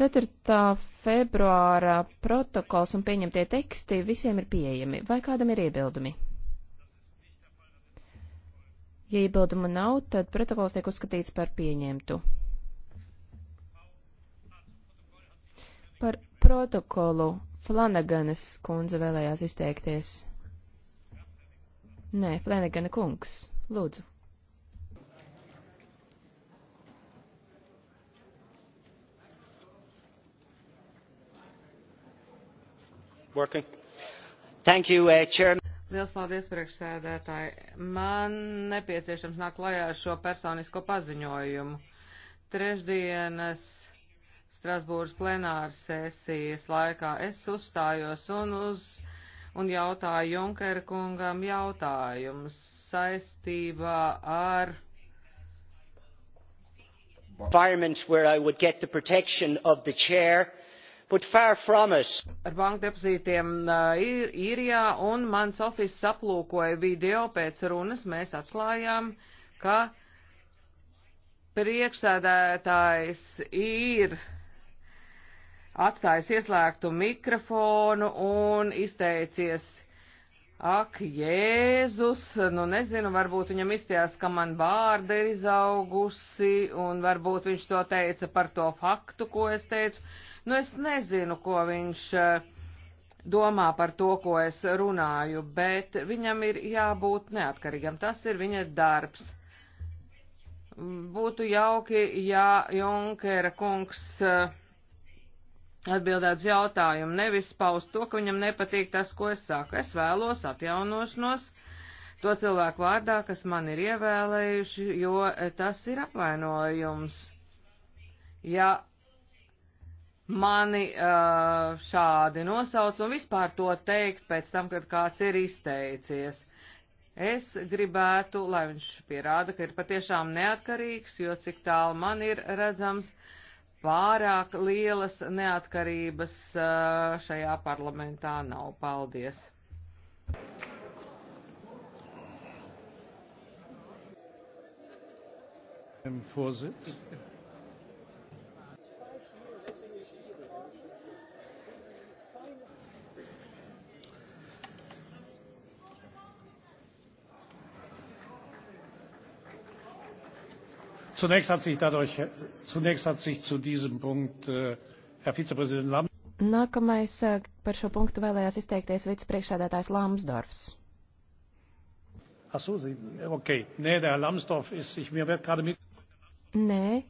4. februāra protokols un pieņemtie teksti visiem ir pieejami. Vai kādam ir iebildumi? Ja iebildumu nav, tad protokols tiek uzskatīts par pieņemtu. Par protokolu Flanaganas kundze vēlējās izteikties. Nē, Flanagana kungs, lūdzu. Working. Thank you, uh, Chairman. Liels paldies, priekšsēdētāji. Man nepieciešams nāk klajā ar šo personisko paziņojumu. Trešdienas Strasbūras plenāras sesijas laikā es uzstājos un, uz, un jautāju Junkera kungam jautājumus saistībā ar environments where I would get the protection of the chair but far from it. Ar banku depozītiem ir, īrijā un mans ofis aplūkoja video pēc runas, mēs atklājām, ka priekšsēdētājs ir atstājis ieslēgtu mikrofonu un izteicies Ak, Jēzus, nu nezinu, varbūt viņam izties, ka man vārda ir izaugusi, un varbūt viņš to teica par to faktu, ko es teicu. Nu, es nezinu, ko viņš eh, domā par to, ko es runāju, bet viņam ir jābūt neatkarīgam. Tas ir viņa darbs. Būtu jauki, ja Junkera kungs. Uh, atbildēt uz jautājumu, nevis paust to, ka viņam nepatīk tas, ko es saku. Es vēlos atjaunošanos to cilvēku vārdā, kas man ir ievēlējuši, jo tas ir apvainojums. Ja mani uh, šādi nosauc un vispār to teikt pēc tam, kad kāds ir izteicies. Es gribētu, lai viņš pierāda, ka ir patiešām neatkarīgs, jo cik tālu man ir redzams, uh, pārāk lielas neatkarības šajā parlamentā nav. Paldies! Im Vorsitz. Zunächst hat sich, dadurch, zunächst hat sich zu diesem Punkt äh, Herr Vizepräsident Lam. Nākamais äh, par šo punktu vēlējās izteikties vicepriekšsēdētājs Lamsdorfs. Achso, okay. Nē, der Lamsdorf ist, ich mir wird gerade mit. Nē,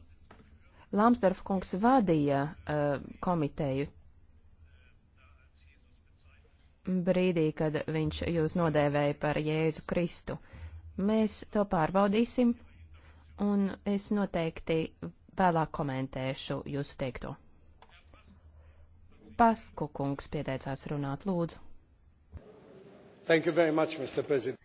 Lamsdorf kungs vadīja uh, komiteju brīdī, kad viņš jūs nodēvēja par Jēzu Kristu. Mēs to pārbaudīsim un es noteikti vēlāk komentēšu jūsu teikto. Pasku kungs pieteicās runāt, lūdzu. Thank you very much, Mr. President.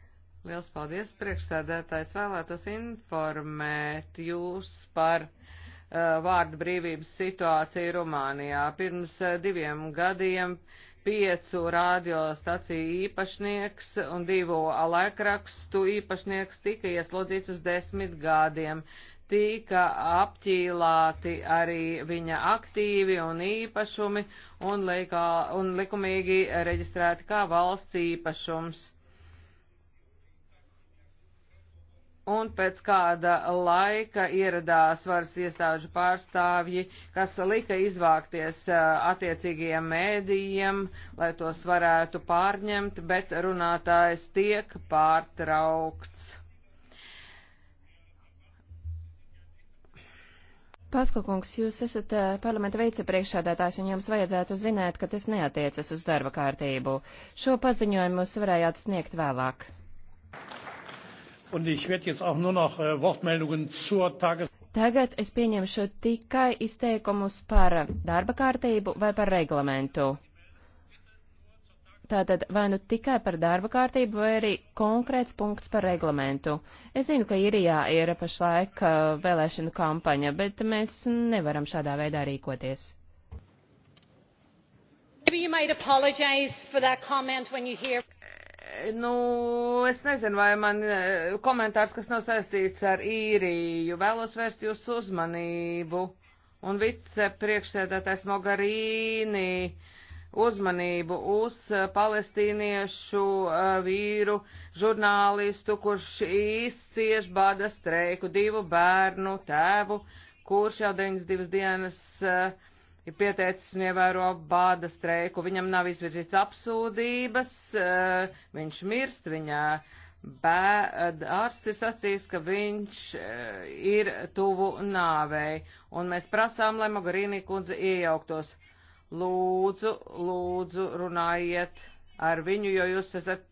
Liels paldies, priekšsēdētājs. Vēlētos informēt jūs par uh, vārdu brīvības situāciju Rumānijā. Pirms uh, diviem gadiem piecu radiostaciju īpašnieks un divu laikrakstu īpašnieks tika ieslodzīts uz desmit gadiem. Tika apķīlāti arī viņa aktīvi un īpašumi un, likā, un likumīgi reģistrēti kā valsts īpašums. un pēc kāda laika ieradās varas iestāžu pārstāvji, kas lika izvākties attiecīgajiem mēdījiem, lai tos varētu pārņemt, bet runātājs tiek pārtraukts. Paskokungs, jūs esat parlamenta vicepriekšādātājs, un jums vajadzētu zināt, ka tas neatiecas uz darba kārtību. Šo paziņojumu jūs varējāt sniegt vēlāk. Un ich werde jetzt auch nur noch äh, Wortmeldungen zur Tages... Tagad es pieņemšu tikai izteikumus par darba kārtību vai par reglamentu. Tātad vai nu tikai par darba kārtību, vai arī konkrēts punkts par reglamentu. Es zinu, ka Irijā ir pašlaik uh, vēlēšanu kampaņa, bet mēs nevaram šādā veidā rīkoties. Maybe you might apologize for that comment when you hear. Nu, es nezinu, vai man eh, komentārs, kas nav saistīts ar īriju, vēlos vērst jūsu uzmanību. Un vicepriekšsēdētājs Mogarīni uzmanību uz eh, palestīniešu eh, vīru žurnālistu, kurš izcieš bada streiku divu bērnu tēvu, kurš jau 92 dienas uh, ir pieteicis un ievēro bāda streiku, viņam nav izvirzīts apsūdības, eh, viņš mirst, viņa ārsts ir sacījis, ka viņš eh, ir tuvu nāvei, un mēs prasām, lai Mogarīnī kundze iejauktos. Lūdzu, lūdzu, runājiet ar viņu, jo jūs esat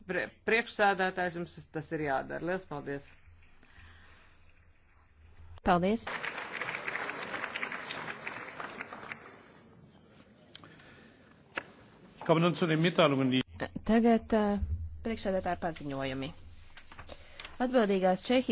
priekšsēdētājs, jums tas ir jādara. Lielas paldies! Paldies! Tagad eh, priekšsēdētāja paziņojumi. Atbildīgās Čehijas